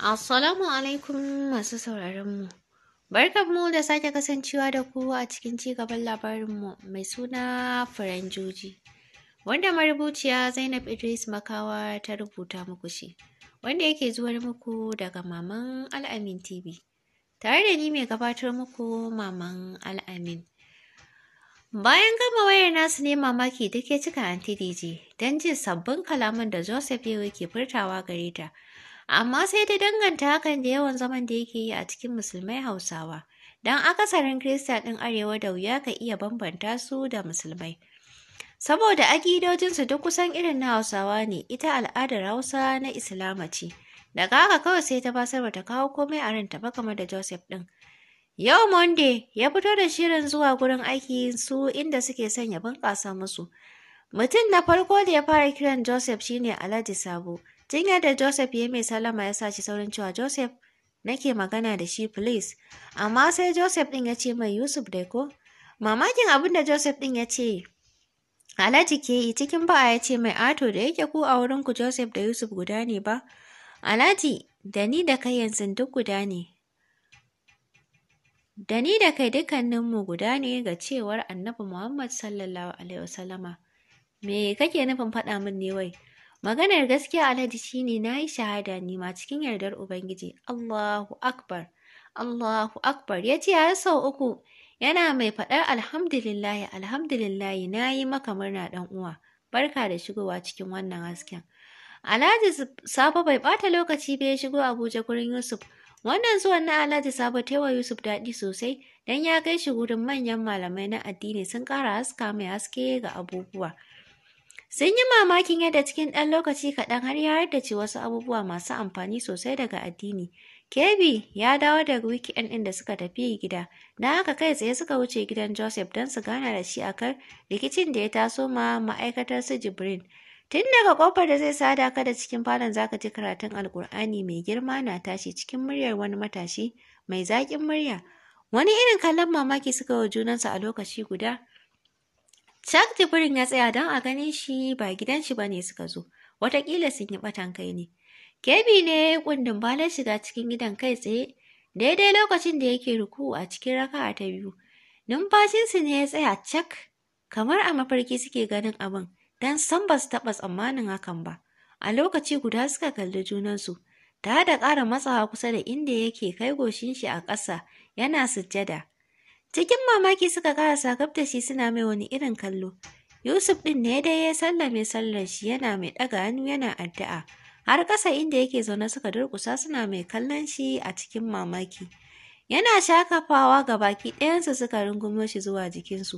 Assalamu alaikum masu sauraronmu. mu da sake kasancewa da ku a cikin cigaban labarinmu mai suna faranjoji wanda marubuciya Zainab Idris Makawa ta rubuta muku shi, wanda yake zuwar muku daga Maman Al'amin TV. Tare da ni mai gabatar muku Maman Al'amin. Bayan gama wayar nasu ne mamaki take cika Anti DJ don jin sabbin kalaman da Joseph yau ke furtawa gare ta. amma sai ta danganta hakan da yawan zaman da yake yi a cikin musulmai hausawa don akasarin kirista ɗin arewa da wuya ka iya bambanta su da musulmai saboda akidojinsu duk kusan irin na hausawa ne ita al'adar hausa na islama ce daga haka kawai sai ta basarwa ta kawo komai a ranta ba kamar da joseph ɗin Yau Monday ya fito da shirin zuwa gurin aiki su inda suke sanya bunƙasa musu. Mutum na farko da ya fara kiran Joseph shine Alhaji Sabo, Tun yadda Joseph ya mai salama ya sa shi saurin cewa Joseph nake magana da shi please. Amma sai Joseph ɗin ya ce mai Yusuf dai ko? Mamakin abin Joseph ɗin ya ce Alhaji ke yi cikin ba'a ya ce mai ato da yake ku a wurinku Joseph da Yusuf guda ne ba? Alhaji da ni da kai yanzu duk guda ne. Da ni da kai dukkaninmu guda ne ga cewar annabi Muhammad sallallahu Alaihi wasallama. Me kake nufin faɗa min ne wai? Maganar gaskiya Alhaji shine na yi shahada nima cikin yardar Ubangiji, Allahu Akbar, Allahu Akbar, ya ce har sau uku, yana mai faɗar alhamdulillahi, alhamdulillahi na yi maka murna ɗan uwa, barka da shigowa cikin wannan hasken. Alhaji Sabo bai ɓata lokaci bai ya shigo Abuja gurin Yusuf. Wannan zuwan na Alhaji Sabo ta wa Yusuf daɗi sosai, don ya kai shi gurin manyan malamai na addini sun ƙara haska mai haske ga abubuwa. Sun yi mamakin yadda cikin ɗan lokaci kaɗan har ya ce wasu abubuwa masu amfani sosai daga addini. Kebi ya dawo daga weekend ɗin da suka tafi gida, na haka kai tsaye suka wuce gidan Joseph don su gana da shi a rikicin da ya taso ma ma'aikatar su Jibrin. Tun daga kofar da zai sada ka da cikin falon zaka ji karatun Alkur'ani mai girma na tashi cikin muryar wani matashi mai zaƙin murya. Wani irin kallon mamaki suka wa junansa a lokaci guda. Chuck Tiburin ya tsaya don a ganin shi ba gidan shi ba ne suka zo, watakila sun yi batan kai ne. Kebi ne kundin balar shiga cikin gidan kai tsaye, daidai lokacin da yake ruku a cikin raka ta biyu. Numfashinsu ne ya tsaya cak, kamar a mafarki suke ganin abin, don san ba su taɓa tsammanin hakan ba. A lokaci guda suka kalli junansu, ta da ƙara matsawa kusa da inda yake kai goshin shi a ƙasa yana sujjada. Cikin mamaki suka kara sakab da shi suna mai wani irin kallo. Yusuf ɗin ne dai ya sallame sallar shi yana mai ɗaga hannu yana addu'a. Har ƙasa inda yake zaune suka durkusa suna mai kallon shi a cikin mamaki. Yana shakafawa ga baki ɗayansu suka rungumo shi zuwa jikinsu.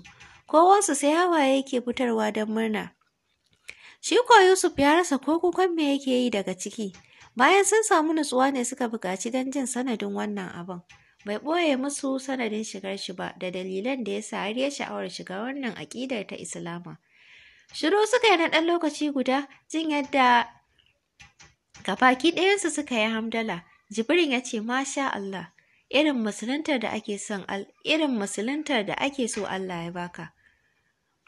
Kowansu sai hawaye yake fitarwa don murna. Shi ko Yusuf ya rasa ko kukan me yake yi daga ciki. Bayan sun samu nutsuwa ne suka buƙaci don jin sanadin wannan abin. bai ɓoye musu sanadin shigar shi ba da dalilan da ya sa har ya sha'awar shiga wannan aƙidar ta Islama. Shiru suka yi na ɗan lokaci guda jin yadda kafaki ɗayansu suka yi hamdala. Jibrin ya ce, Masha Allah, irin musuluntar da ake son irin musuluntar da ake so Allah ya baka.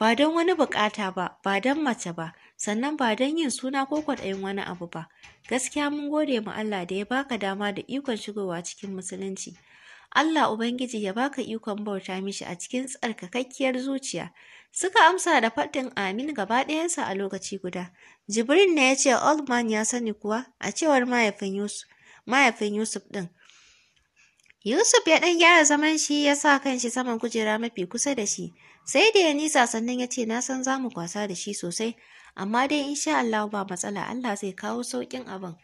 Ba don wani bukata ba, ba don mace ba, sannan ba don yin suna ko kwaɗayin wani abu ba. Gaskiya mun gode ma Allah da ya baka dama da ikon shigowa cikin musulunci. Allah Ubangiji ya baka ikon bauta mishi a cikin tsarkakakkiyar zuciya. Suka amsa da faɗin amin gaba ɗayansa a lokaci guda. Jibrin ne ya ce Old ya sani kuwa a cewar mahaifin Yusuf, mahaifin Yusuf ɗin. Yusuf ya ɗan gyara zaman shi ya sa kanshi saman kujera mafi kusa da shi. Sai da ya nisa sannan ya ce na san za mu kwasa da shi sosai, amma dai insha Allah ba matsala Allah zai kawo sauƙin abin.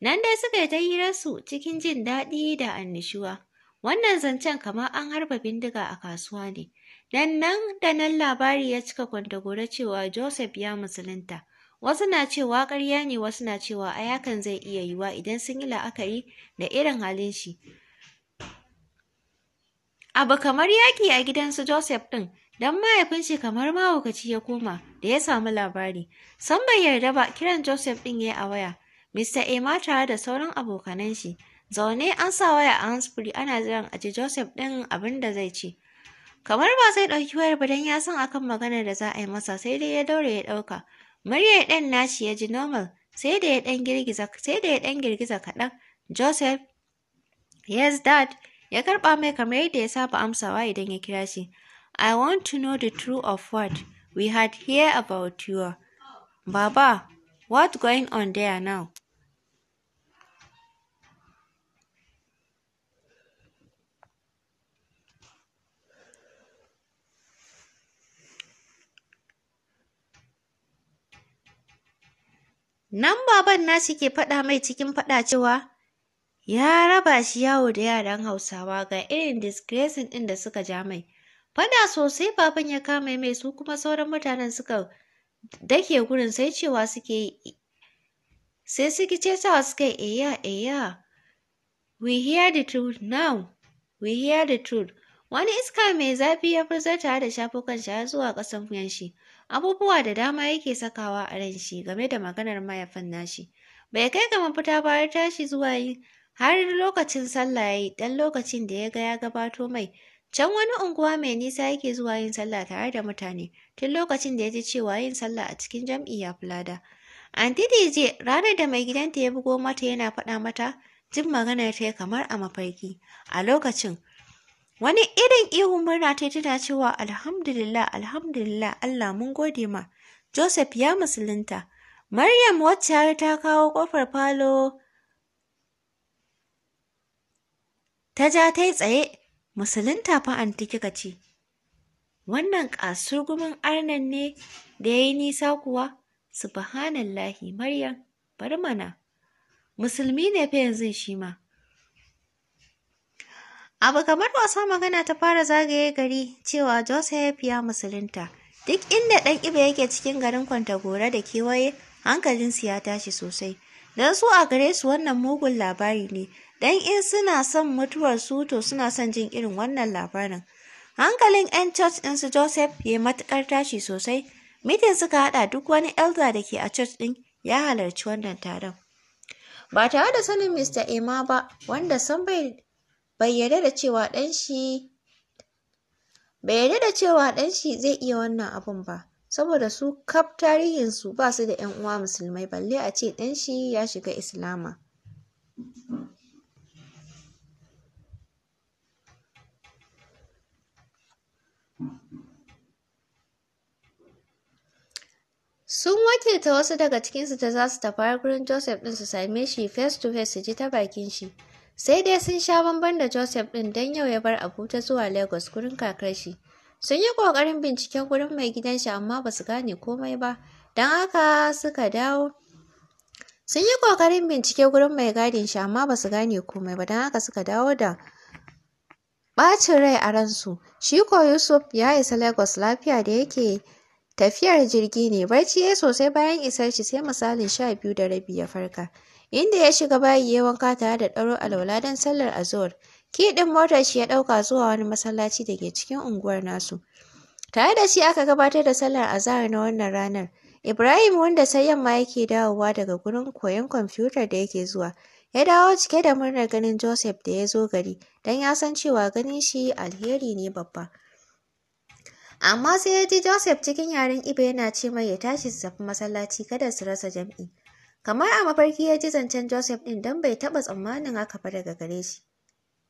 Nan dai suka yi ta hirarsu cikin jin daɗi da annishuwa. Wannan zancen kamar an harba bindiga a kasuwa ne, dan nan da nan labari ya cika kwantagora cewa Joseph ya musulunta. Wasu na cewa ƙarya ne, wasu na cewa ayakan zai iya yiwa idan sun yi la'akari da irin halin shi. Abu kamar yaƙi a gidansu Joseph ɗin, don mahaifin shi kamar mahaukaci ya koma da ya samu labari. San bai yarda ba kiran Joseph ɗin ya yi a waya, Mr. Emma tare da sauran abokanan shi. zaune an sa waya a hansfuri ana jiran a ji joseph ɗin abin da zai ce kamar ba zai ɗauki wayar ba don ya san akan maganar da za a yi masa sai dai ya daure ya ɗauka muryar ɗan nashi ya ji normal sai da ya ɗan girgiza sai da ya ɗan girgiza kaɗan joseph yes dad ya karba mai kamar yadda ya saba amsawa idan ya kira shi i want to know the truth of what we had here about you baba what going on there now Nan baban nashi ke faɗa mai cikin faɗa cewa ya raba shi yawo da yaran Hausawa ga irin disgracing ɗin da suka ja mai. Faɗa sosai baban ya kama mai su kuma sauran mutanen suka dake gurin sai cewa suke sai suke cewa suke eya eya. We hear the truth now, we hear the truth. Wani iska mai zafi ya furzata da shafukan shi zuwa ƙasan wuyan shi. abubuwa da dama yake sakawa a ran shi game da maganar mahaifin nashi bai kai ga mafita ba ya tashi zuwa yi har lokacin sallah ya yi ɗan lokacin da ya ga ya gabato mai can wani unguwa mai nisa yake zuwa yin sallah tare da mutane tun lokacin da ya ji cewa yin sallah a cikin jam'i ya fulada anti dj ranar da mai gidanta ya bugo mata yana faɗa mata jin maganar ta kamar a mafarki a lokacin Wani irin ihun murna ta tana cewa alhamdulillah alhamdulillah Allah mun gode ma. Joseph ya musulunta. Maryam wacce ta kawo ƙofar falo ta ja ta yi tsaye musulunta fa ta kika ce. Wannan gumin arnan ne da ya yi nisa kuwa, subhanallahi Maryam, bari mana, musulmi ne fa yanzu shi ma. Abu kamar wasa magana ta fara zagaye gari cewa Joseph ya musulunta. Duk inda ɗan ibe yake cikin garin Kwantagora da kewaye, hankalinsu ya tashi sosai. Don su a gare su wannan mugun labari ne, dan in suna son mutuwar su to suna son jin irin wannan labarin. Hankalin 'yan church ɗin su Joseph ya matuƙar tashi sosai, mitin suka haɗa duk wani elder da ke a church ɗin ya halarci wannan taron. Ba tare da sanin Mr. Emma ba, wanda san bai bai yarda da cewa ɗanshi zai iya wannan abun ba saboda su kaf tarihin ba su da 'yan uwa musulmai balle a ce ɗan shi ya shiga islama Sun wakilta wasu daga cikinsu ta za su tafi har gurin Joseph ɗin su same shi face to face su ji ta bakin shi. sai dai sun sha bamban da joseph ɗin don yau ya bar abuja zuwa lagos gurin kakar shi sun yi ƙoƙarin binciken gurin mai gidan shi amma ba su gane komai ba don haka suka dawo sun yi ƙoƙarin bincike gurin mai gadin shi amma ba su gane komai ba don haka suka dawo da ɓacin rai a ransu shi ko yusuf ya isa lagos lafiya da yake tafiyar jirgi ne barci ya sosai bayan isar shi sai misalin sha biyu da rabi ya farka inda ya shiga bayi ya wanka tare da ɗaro alwala don sallar azuwar. Ki ɗin motar shi ya ɗauka zuwa wani masallaci da ke cikin unguwar nasu. Tare da shi aka gabatar da sallar azahar na wannan ranar. Ibrahim wanda sai yamma yake dawowa daga gurin koyon kwamfutar da yake zuwa. Ya dawo cike da murnar ganin Joseph da ya zo gari, don ya san cewa ganin shi alheri ne babba. Amma sai ya ji Joseph cikin yaren Ibe yana ce mai ya tashi su tafi masallaci kada su rasa jam'i. Kamar a mafarki ya ji zancen Joseph ɗin don bai taɓa tsammanin haka ba daga gare shi.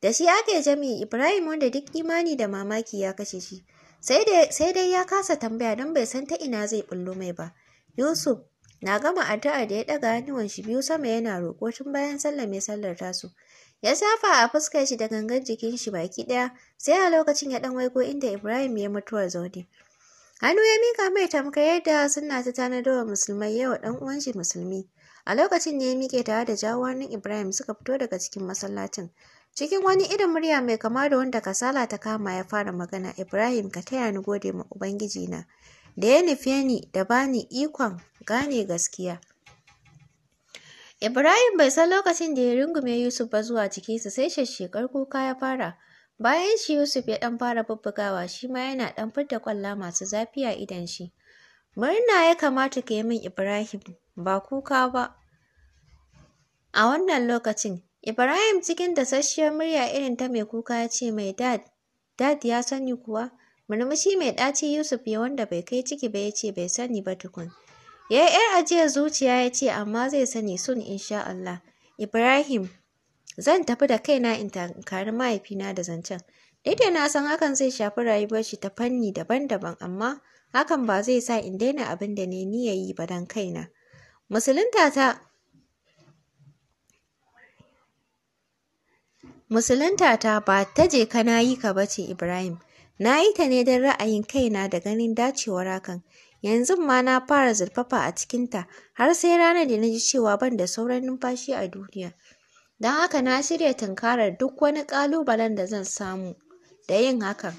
Da shi ake jami Ibrahim wanda duk imani da mamaki ya kashe shi, sai dai ya kasa tambaya don bai san ta ina zai ɓullo mai ba. Yusuf na gama addu'a da ya ɗaga hannuwan shi biyu sama yana roƙo tun bayan sallar mai sallar tasu. Ya safa a fuskar shi da gangan jikin shi baki ɗaya, sai a lokacin ya ɗan waiko inda Ibrahim ya mutuwar zaune. Hannu ya mika mai tamkar yadda suna ta tanadar wa musulmai yau ɗan uwan shi musulmi. A lokacin ne ya miƙe tare da jawo Ibrahim suka fito daga cikin masallacin. Cikin wani irin murya mai kama da wanda kasala ta kama ya fara magana Ibrahim ka taya ni gode ma Ubangiji na. Da ya nufe ni da bani ikon gane gaskiya. Ibrahim bai san lokacin da ya rungume Yusuf ba zuwa jikinsa sai shekar kuka ya fara. Bayan shi Yusuf ya ɗan fara bubbugawa shi ma yana ɗan fidda kwalla masu zafi a idon shi. Murna ya kamata ka yi min Ibrahim ba kuka ba. A wannan lokacin, Ibrahim cikin dasasshiyar murya irin ta mai kuka ya ce mai dad, dad ya sani kuwa, murmushi mai ɗaci Yusuf ya wanda bai kai ciki ba ya ce bai sani ba tukun. Ya yi ‘yar ajiyar zuciya ya ce amma zai sani sun insha Allah. Ibrahim, zan tafi da kaina in tankari mahaifina da zancen. Daidai na san hakan zai shafi rayuwar shi ta fanni daban-daban amma hakan ba zai sa in daina abin da ne ya yi ba don kaina. musulunta ta musulunta ta ba ta je ka na yi ka bace ibrahim na yi ta ne don ra'ayin kaina da ganin dacewar hakan yanzu ma na fara zurfafa a cikinta har sai ranar da na ji cewa ban da sauran numfashi a duniya don haka na shirya tunkarar duk wani ƙalubalen da zan samu da yin hakan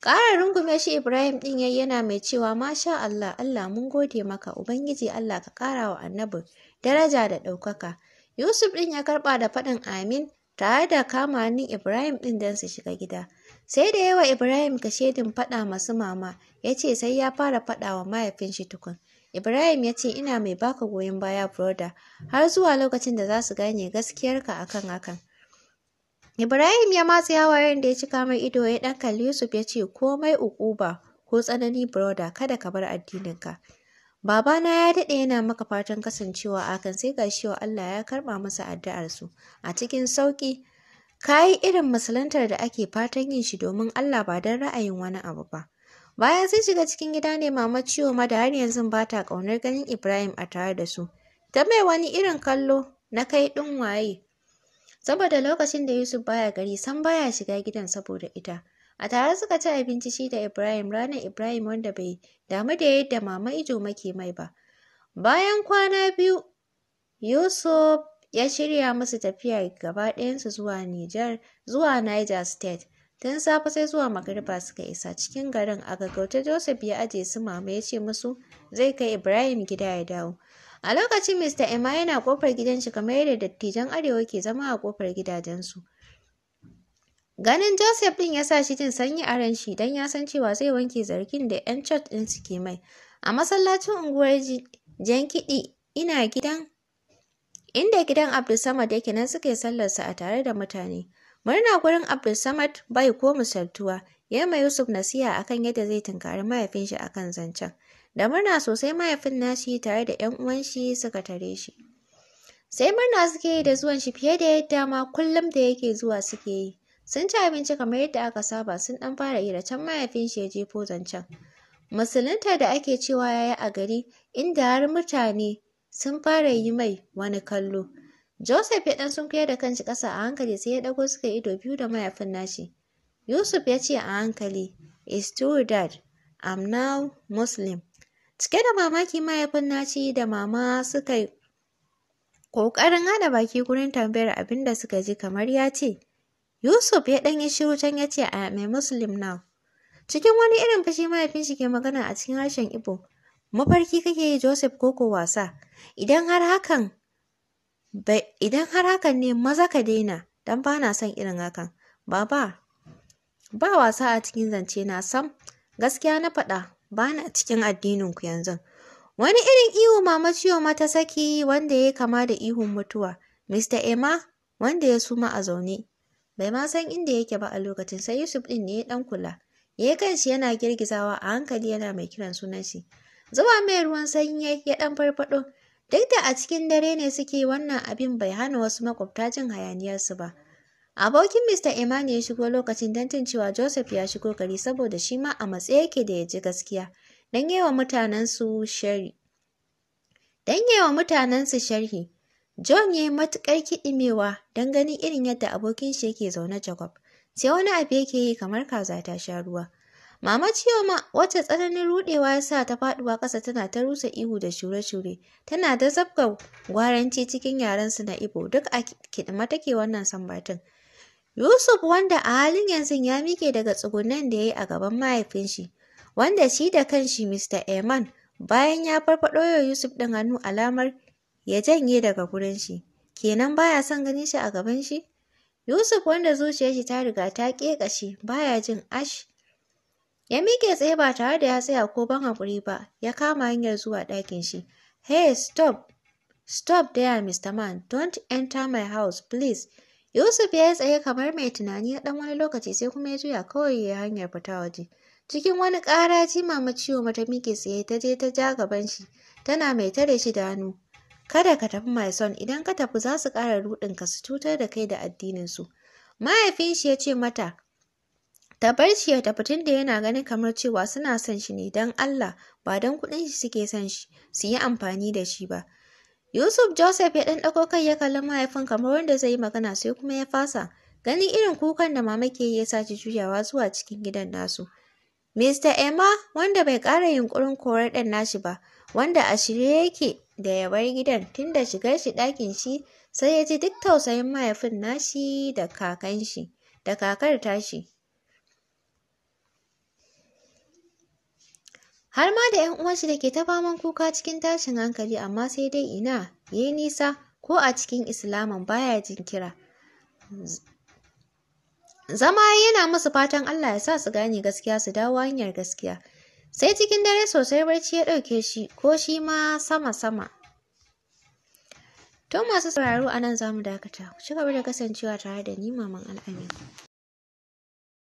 Ƙara rungume shi Ibrahim ɗin yayi yana mai cewa masha Allah, Allah mun gode maka, Ubangiji Allah ka ƙara wa Annabi! daraja da ɗaukaka. Yusuf ɗin ya karɓa da faɗin amin tare da kama Ibrahim ɗin don su shiga gida. Sai da yawa Ibrahim ka shedin faɗa masu mama, ya ce sai ya fara faɗa wa mahaifin shi tukun. Ibrahim ya ce ina mai baka goyon baya broda har zuwa lokacin da za su gane gaskiyarka akan hakan. Ibrahim ya matse hawayen da ya ci mai ido ya ɗan kalli Yusuf ya ce komai uquba ko tsanani broda kada ka bar addininka. Babana ya daɗe yana maka fatan kasancewa a kan sai gashi wa Allah ya karɓa masa addu'arsu a cikin sauƙi. Ka yi irin musulantar da ake fatan yin shi domin Allah ba don ra'ayin wani abu ba. Bayan sai shiga cikin gida ne mama ciwo ma da har yanzu ba ta ƙaunar ganin Ibrahim a tare da su. Ta mai wani irin kallo na kai ɗin waye saboda lokacin da Yusuf baya gari san baya shiga gidan saboda ita. A tare suka ci abinci shi da Ibrahim ranar Ibrahim wanda bai damu da yadda mama Ijo make mai ba. Bayan kwana biyu, Yusuf ya shirya musu tafiya gaba ɗayansu zuwa Nijar, zuwa Niger State. Tun safe sai zuwa magariba suka isa cikin garin a gaggauta Joseph ya aje su mama ya ce musu zai kai Ibrahim gida ya dawo. A lokacin Mr. Emma yana kofar gidan shi kamar yadda dattijan Arewa ke zama a kofar gidajensu. Ganin Joseph din ya sa shi jin sanyi a ran shi don ya san cewa zai wanke zargin da 'yan church ɗin suke mai. A masallacin unguwar kiɗi ina gidan inda gidan Abdulsamad yake nan suke sallarsa a tare da mutane. Murna gurin Abdulsamad bai ko misaltuwa, ya ma Yusuf nasiha akan yadda zai tunkari mahaifin shi akan zancen. Da murna sosai mahaifin nashi tare da ‘yan uwan shi suka tare shi. Sai murna suke yi da zuwan shi fiye da yadda ma kullum da yake zuwa suke yi. Sun ci abinci kamar yadda aka saba sun ɗan fara da can mahaifin shi ya ko zancen. Musulunta da ake cewa ya yi a gari inda har mutane sun fara yi mai wani kallo. Joseph ya ɗan sunkuyar da kanshi kasa a hankali sai ya ɗago suka ido biyu da mahaifin nashi. Yusuf ya ce a hankali, It's true dad, I'm now Muslim. Cike da mamaki mahaifin naci da mama suka yi ƙoƙarin hana baki gurin tambayar abin da suka ji kamar ya ce, Yusuf ya ɗan yi shiru can ya ce a mai Muslim now. Cikin wani irin fashi mahaifin shi ke magana a cikin harshen ibo mafarki kake yi Joseph koko wasa, idan har hakan idan har hakan ne maza ka daina, dan ba na son irin hakan. Baba, ba wasa a cikin zance na sam, gaskiya na faɗa, ba na cikin addininku yanzu. Wani irin ihu mama ciwo ta saki wanda ya kama da ihun mutuwa. Mr. Emma wanda ya suma a zaune. Bai ma san inda yake ba a lokacin sai Yusuf ɗin ne ya ɗan kula. Ya kanshi yana girgizawa a hankali yana mai kiran sunan shi. Zuba mai ruwan sanyi ya ɗan farfaɗo. Duk da a cikin dare ne suke wannan abin bai hana wasu makwabta jin hayaniyarsu ba. Abokin Mr. Imani ya shigo lokacin dantin cewa Joseph ya shigo gari saboda shi ma a matsaye yake da ya ji gaskiya, don yi wa mutanensu sharhi. Don yi wa mutanensu sharhi, John ya yi matuƙar kiɗimewa don ganin irin yadda abokin shi yake zaune Jacob, sai wani abu yake yi kamar kaza ta sha ruwa. Mama Chioma, wacce tsananin rudewa ya sa ta faduwa ƙasa tana ta rusa ihu da shure-shure, tana da zabgar gwaranci cikin su na Ibo duk a kiɗima take wannan sambatin. Yusuf wanda a halin yanzu ya mike daga tsugunan da ya yi a gaban mahaifinshi, wanda shi da kanshi Mr. Eman bayan ya farfaɗo ya Yusuf ɗin hannu alamar ya janye daga gurin shi, kenan baya son ganin shi a gaban shi? Yusuf wanda zuciyar shi ta riga ta ƙeƙashe baya jin ash. Ya mike tsaye ba tare da ya tsaya ko ban haƙuri ba, ya kama hanyar zuwa ɗakin shi. Hey, stop! Stop there, Mr. Man, don't enter my house, please. Yusuf ya yi tsaye kamar mai tunani na ɗan wani lokaci sai kuma ya juya kawai ya hanyar fita waje. Cikin wani ƙara mama ciwo mata miƙe tsaye ta je ta ja gaban shi tana mai tare shi da hannu. Kada ka tafi my son idan ka tafi za su ƙara ka su cutar da kai da addinin su Mahaifin shi ya ce mata ta bar shi ya tafi da yana ganin kamar cewa suna son shi ne don Allah ba don kuɗin shi suke son shi su yi amfani da shi ba. Yusuf Joseph ya ɗanɗako kai ya kalli mahaifin kamar wanda zai yi magana sai kuma ya fasa. Ganin irin kukan da mama ke yi ya sace juyawa zuwa cikin gidan nasu. Mr. Emma wanda bai ƙara yunƙurin korar ɗan nashi ba, wanda a shirye yake da ya bar gidan tun da shigar shi ɗakin shi sai ya ji duk tausayin mahaifin nashi da kakan da kakar tashi. har ma da ‘yan shi da ke ta faman kuka cikin tashin hankali amma sai dai ina ya yi nisa ko a cikin islaman baya jin kira zama yana musu fatan Allah ya sa su gane gaskiya su dawo hanyar gaskiya sai cikin dare sosai barci ya ɗauke shi ko shi ma sama-sama to masu sauraro a nan za mu dakata ku ci gaba da kasancewa tare da ni maman al'amin